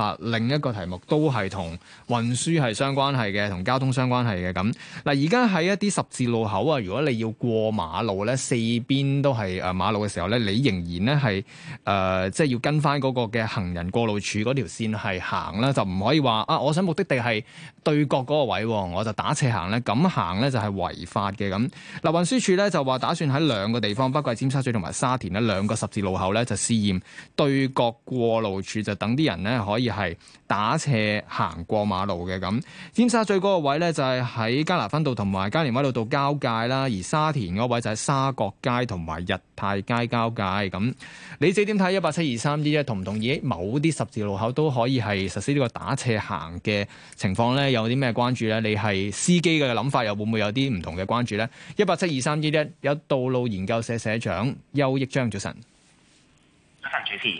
啊！另一個題目都係同運輸係相關係嘅，同交通相關係嘅咁。嗱，而家喺一啲十字路口啊，如果你要過馬路咧，四邊都係誒馬路嘅時候咧，你仍然咧係誒即係要跟翻嗰個嘅行人過路處嗰條線係行啦，就唔可以話啊！我想目的地係對角嗰個位，我就打斜行咧，咁行咧就係違法嘅咁。嗱，運輸署咧就話打算喺兩個地方，包括尖沙咀同埋沙田咧兩個十字路口咧，就試驗對角過路處，就等啲人咧可以。係打斜行過馬路嘅咁，尖沙咀嗰個位咧就係喺加拿芬道同埋加連威老道交界啦，而沙田嗰位就係沙角街同埋日泰街交界咁。你自己點睇，一八七二三一一，同唔同意某啲十字路口都可以係實施呢個打斜行嘅情況咧？有啲咩關注咧？你係司機嘅諗法又會唔會有啲唔同嘅關注咧？一八七二三一一，有道路研究社社、社長邱益彰早晨。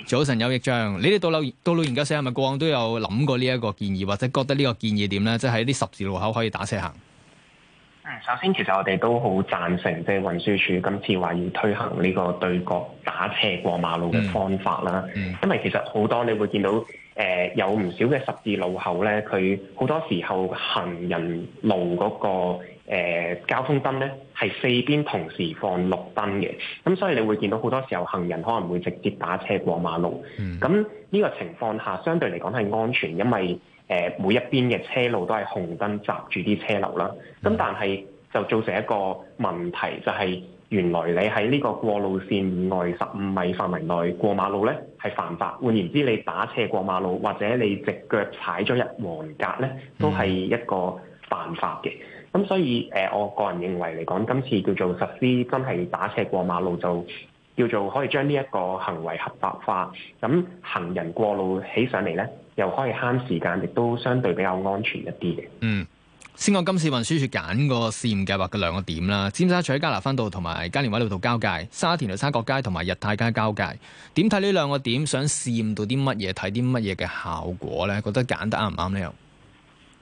早晨，邱益彰，你哋道路、道路研究社係咪過往都有諗過呢一個建議，或者覺得呢個建議點咧？即係喺啲十字路口可以打斜行。嗯，首先其實我哋都好贊成，即係運輸署今次話要推行呢個對角打斜過馬路嘅方法啦。嗯。因為其實好多你會見到。誒、呃、有唔少嘅十字路口呢，佢好多時候行人路嗰、那個、呃、交通燈呢係四邊同時放綠燈嘅，咁、嗯、所以你會見到好多時候行人可能會直接打車過馬路。咁、嗯、呢個情況下，相對嚟講係安全，因為誒、呃、每一邊嘅車路都係紅燈閘住啲車流啦。咁、嗯嗯、但係就造成一個問題，就係、是。原來你喺呢個過路線以外十五米範圍內過馬路呢，係犯法。換言之，你打斜過馬路或者你直腳踩咗入黃格呢，都係一個犯法嘅。咁所以誒、呃，我個人認為嚟講，今次叫做實施真係打斜過馬路就叫做可以將呢一個行為合法化。咁行人過路起上嚟呢，又可以慳時間，亦都相對比較安全一啲嘅。嗯。 先講今次運輸署揀個試驗計劃嘅兩個點啦，尖沙咀加拿芬道同埋加連威老道交界，沙田嘅沙角街同埋日泰街交界。點睇呢兩個點想試驗到啲乜嘢，睇啲乜嘢嘅效果咧？覺得揀得啱唔啱呢？又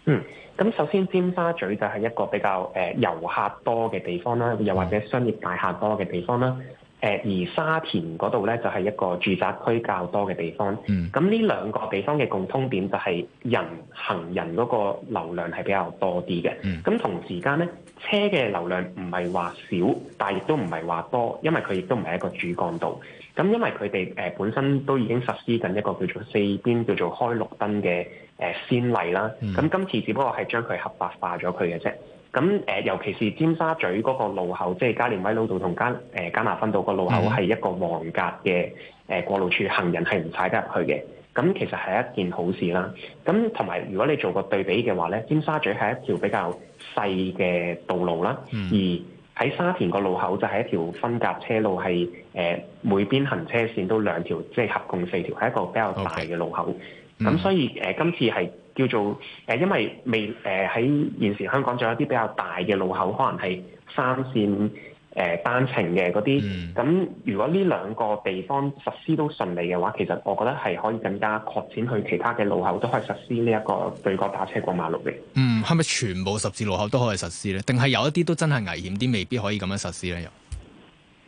嗯，咁首先尖沙咀就係一個比較誒遊客多嘅地方啦，又或者商業大廈多嘅地方啦。誒而沙田嗰度咧就係一個住宅區較多嘅地方，咁呢兩個地方嘅共通點就係人行人嗰個流量係比較多啲嘅，咁、嗯、同時間咧車嘅流量唔係話少，但係亦都唔係話多，因為佢亦都唔係一個主幹道。咁因為佢哋誒本身都已經實施緊一個叫做四邊叫做開綠燈嘅誒先例啦，咁、嗯、今次只不過係將佢合法化咗佢嘅啫。咁誒、呃，尤其是尖沙咀嗰個路口，即係加連威老道同加誒、呃、加拿分道個路口，係一個黃格嘅誒、呃、過路處，行人係唔踩得入去嘅。咁其實係一件好事啦。咁同埋，如果你做個對比嘅話咧，尖沙咀係一條比較細嘅道路啦，嗯、而喺沙田個路口就係一條分隔車路，係、呃、誒每邊行車線都兩條，即、就、係、是、合共四條，係一個比較大嘅路口。Okay. 咁、嗯、所以誒、呃，今次係叫做誒、呃，因為未誒喺、呃、現時香港仲有啲比較大嘅路口，可能係三線誒、呃、單程嘅嗰啲。咁、嗯、如果呢兩個地方實施都順利嘅話，其實我覺得係可以更加擴展去其他嘅路口都可以實施呢一個對角打斜過馬路嘅。嗯，係咪全部十字路口都可以實施咧？定係有一啲都真係危險啲，未必可以咁樣實施咧？又誒、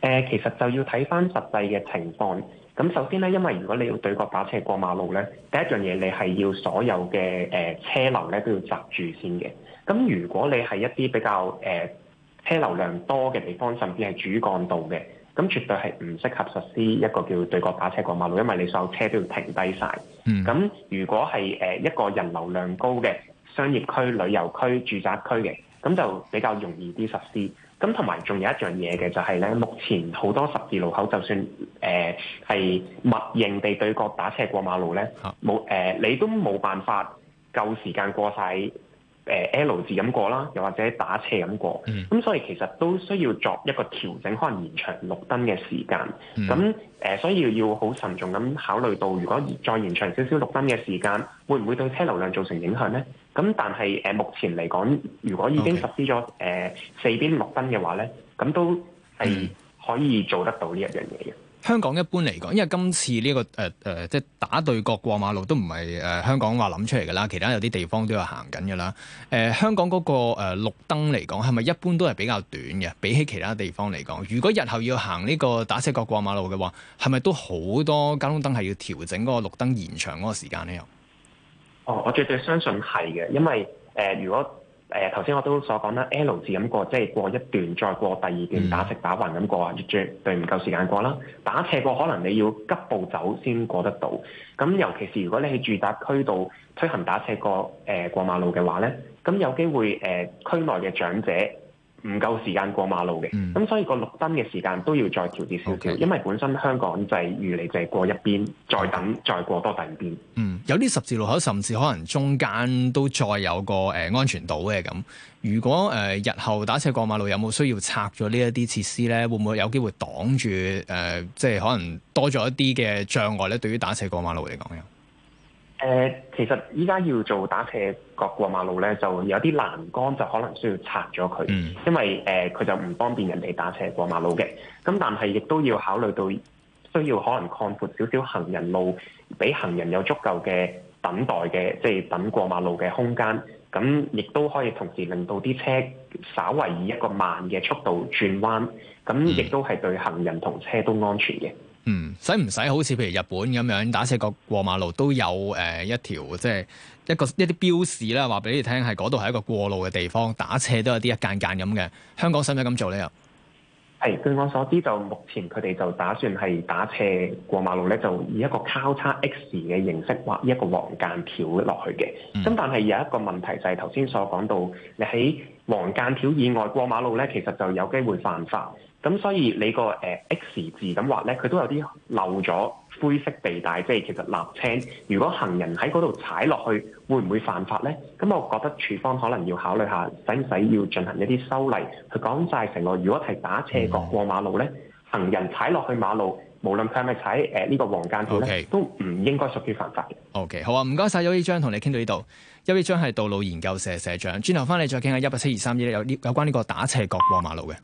呃，其實就要睇返實際嘅情況。咁首先咧，因為如果你要對角打車過馬路咧，第一樣嘢你係要所有嘅誒、呃、車流咧都要閘住先嘅。咁如果你係一啲比較誒、呃、車流量多嘅地方，甚至係主幹道嘅，咁絕對係唔適合實施一個叫對角打車過馬路，因為你所有車都要停低晒。咁、嗯、如果係誒一個人流量高嘅商業區、旅遊區、住宅區嘅，咁就比較容易啲實施。咁同埋仲有一樣嘢嘅就係、是、咧，目前好多十字路口就算誒係默認地對角打斜過馬路咧，冇誒、呃、你都冇辦法夠時間過曬。誒 L 字咁過啦，又或者打斜咁過，咁所以其實都需要作一個調整，可能延長綠燈嘅時間。咁誒，所以要好慎重咁考慮到，如果再延長少少綠燈嘅時間，會唔會對車流量造成影響呢？咁但係誒，目前嚟講，如果已經實施咗誒四邊綠燈嘅話呢，咁都係可以做得到呢一樣嘢嘅。香港一般嚟講，因為今次呢、這個誒誒、呃，即係打對角過馬路都唔係誒香港話諗出嚟噶啦，其他有啲地方都有行緊噶啦。誒、呃，香港嗰、那個誒、呃、綠燈嚟講，係咪一般都係比較短嘅？比起其他地方嚟講，如果日後要行呢個打斜角過馬路嘅話，係咪都好多交通燈係要調整嗰個綠燈延長嗰個時間呢？又哦，我絕對相信係嘅，因為誒、呃、如果。誒頭先我都所講啦，L 字咁過，即係過一段再過第二段，打直打橫咁過啊，絕對唔夠時間過啦。打斜過可能你要急步走先過得到。咁尤其是如果你喺住宅區度推行打斜過誒、呃、過馬路嘅話咧，咁有機會誒、呃、區內嘅長者。唔夠時間過馬路嘅，咁、嗯、所以個綠燈嘅時間都要再調節少少，Okay. 因為本身香港就係預你就係過一邊，再等 Okay. 再過多第二邊。嗯，有啲十字路口甚至可能中間都再有個誒、呃、安全島嘅咁。如果誒、呃、日後打斜過馬路有冇需要拆咗呢一啲設施咧，會唔會有機會擋住誒、呃？即係可能多咗一啲嘅障礙咧，對於打斜過馬路嚟講。誒、呃，其實依家要做打斜角過馬路咧，就有啲欄杆就可能需要拆咗佢，因為誒佢、呃、就唔方便人哋打斜過馬路嘅。咁但係亦都要考慮到需要可能擴闊少少行人路，俾行人有足夠嘅等待嘅，即、就、係、是、等過馬路嘅空間。咁亦都可以同時令到啲車稍為以一個慢嘅速度轉彎。咁亦都係對行人同車都安全嘅。嗯，使唔使好似譬如日本咁樣打斜角過過馬路都有誒、呃、一條即係一個一啲標示啦，話俾你聽係嗰度係一個過路嘅地方，打斜都有啲一間間咁嘅。香港使唔使咁做咧？係據我所知，就目前佢哋就打算係打斜過馬路咧，就以一個交叉 X 嘅形式畫一個黃間條落去嘅。咁、嗯、但係有一個問題就係頭先所講到，你喺黃間條以外過馬路咧，其實就有機會犯法。咁所以你個誒 X 字咁畫咧，佢都有啲漏咗灰色地帶，即係其實立青。如果行人喺嗰度踩落去，會唔會犯法咧？咁我覺得處方可能要考慮下，使唔使要進行一啲修例？佢講曬成個，如果係打斜角過馬路咧，行人踩落去馬路，無論佢係咪踩誒呢個黃間條 Okay. 都唔應該屬於犯法嘅。O、okay, K，好啊，唔該晒。邱益彰，同你傾到呢度。邱益彰係道路研究社社長，轉頭翻嚟再傾下一八七二三一，有呢有關呢個打斜角過馬路嘅。